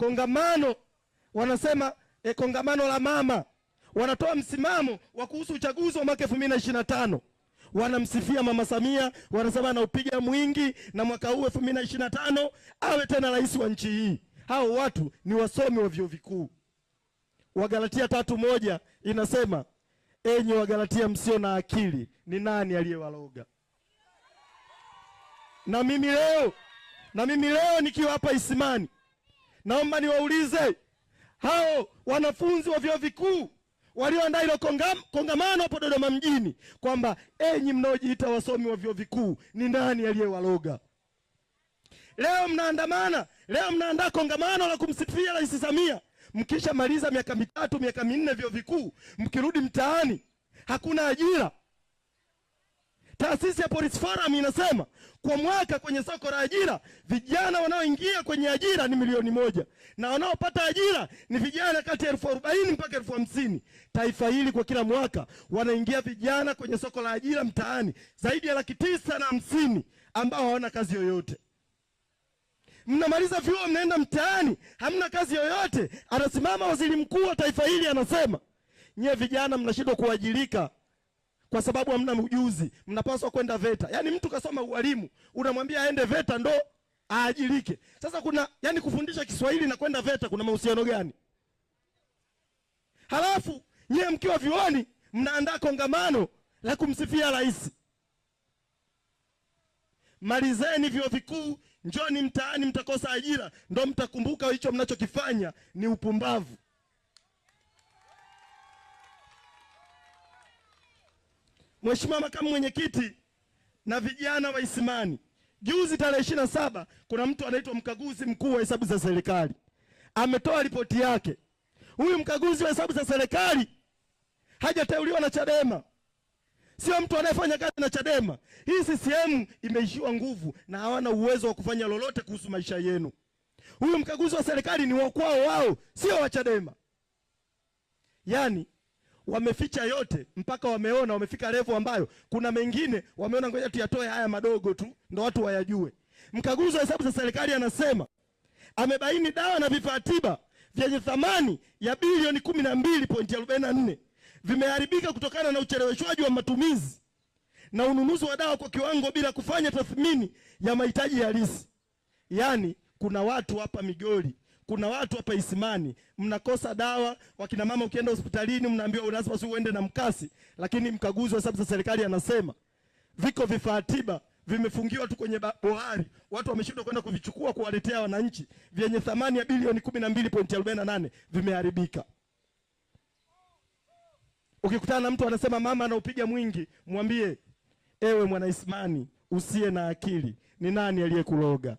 kongamano wanasema eh, kongamano la mama wanatoa msimamo wa kuhusu uchaguzi wa mwaka elfu mbili na ishirini na tano wanamsifia Mama Samia, wanasema anaupiga mwingi na mwaka huu elfu mbili na ishirini na tano awe tena rais wa nchi hii. Hao watu ni wasomi wa vyuo vikuu. Wagalatia tatu moja inasema enyi Wagalatia msio na akili, ni nani aliyewaloga? Na mimi leo na mimi leo nikiwa hapa Isimani Naomba niwaulize hao wanafunzi wa vyuo vikuu walioandaa ilo kongamano hapo Dodoma mjini kwamba enyi mnaojiita wasomi wa vyuo vikuu, ni nani aliyewaloga? Leo mnaandamana, leo mnaandaa kongamano la kumsifia Rais Samia, mkishamaliza miaka mitatu miaka minne vyuo vikuu, mkirudi mtaani, hakuna ajira Taasisi ya Police Forum inasema kwa mwaka kwenye soko la ajira vijana wanaoingia kwenye ajira ni milioni moja na wanaopata ajira ni vijana kati ya elfu arobaini mpaka elfu hamsini Taifa hili kwa kila mwaka wanaingia vijana kwenye soko la ajira mtaani zaidi ya laki tisa na hamsini ambao hawana kazi yoyote. Mnamaliza vyuo mnaenda mtaani, hamna kazi yoyote. Anasimama waziri mkuu wa taifa hili anasema, nyie vijana mnashindwa kuajirika kwa sababu hamna ujuzi, mnapaswa kwenda VETA. Yani mtu kasoma ualimu, unamwambia aende VETA ndo aajilike. Sasa kuna yani, kufundisha Kiswahili na kwenda VETA kuna mahusiano gani? Halafu nyie mkiwa vioni mnaandaa kongamano la kumsifia rais. Malizeni vyuo vikuu, njoni mtaani, mtakosa ajira, ndo mtakumbuka hicho mnachokifanya ni upumbavu. Mheshimiwa makamu mwenyekiti na vijana wa Isimani, juzi tarehe ishirini na saba kuna mtu anaitwa mkaguzi mkuu wa hesabu za serikali ametoa ripoti yake. Huyu mkaguzi wa hesabu za serikali hajateuliwa na Chadema, sio mtu anayefanya kazi na Chadema. Hii CCM imeishiwa nguvu na hawana uwezo wa kufanya lolote kuhusu maisha yenu. Huyu mkaguzi wa serikali ni wa kwao wao, sio wa Chadema. Yani wameficha yote mpaka wameona wamefika level ambayo kuna mengine wameona, ngoja tuyatoe haya madogo tu ndo watu wayajue. Mkaguzi wa hesabu za serikali anasema amebaini dawa na vifaa tiba vyenye thamani ya bilioni 12.44 vimeharibika kutokana na ucheleweshwaji wa matumizi na ununuzi wa dawa kwa kiwango bila kufanya tathmini ya mahitaji halisi. Yaani, kuna watu hapa Migori kuna watu hapa Isimani mnakosa dawa. Wakina mama, ukienda hospitalini mnaambiwa si uende na mkasi, lakini mkaguzi wa hesabu za serikali anasema viko vifaa tiba vimefungiwa tu kwenye bohari, watu wameshindwa kwenda kuvichukua kuwaletea wananchi, vyenye thamani ya bilioni 12.48 vimeharibika. Ukikutana na mtu anasema mama anaupiga mwingi, mwambie ewe mwana Isimani usiye na akili, ni nani aliyekuloga?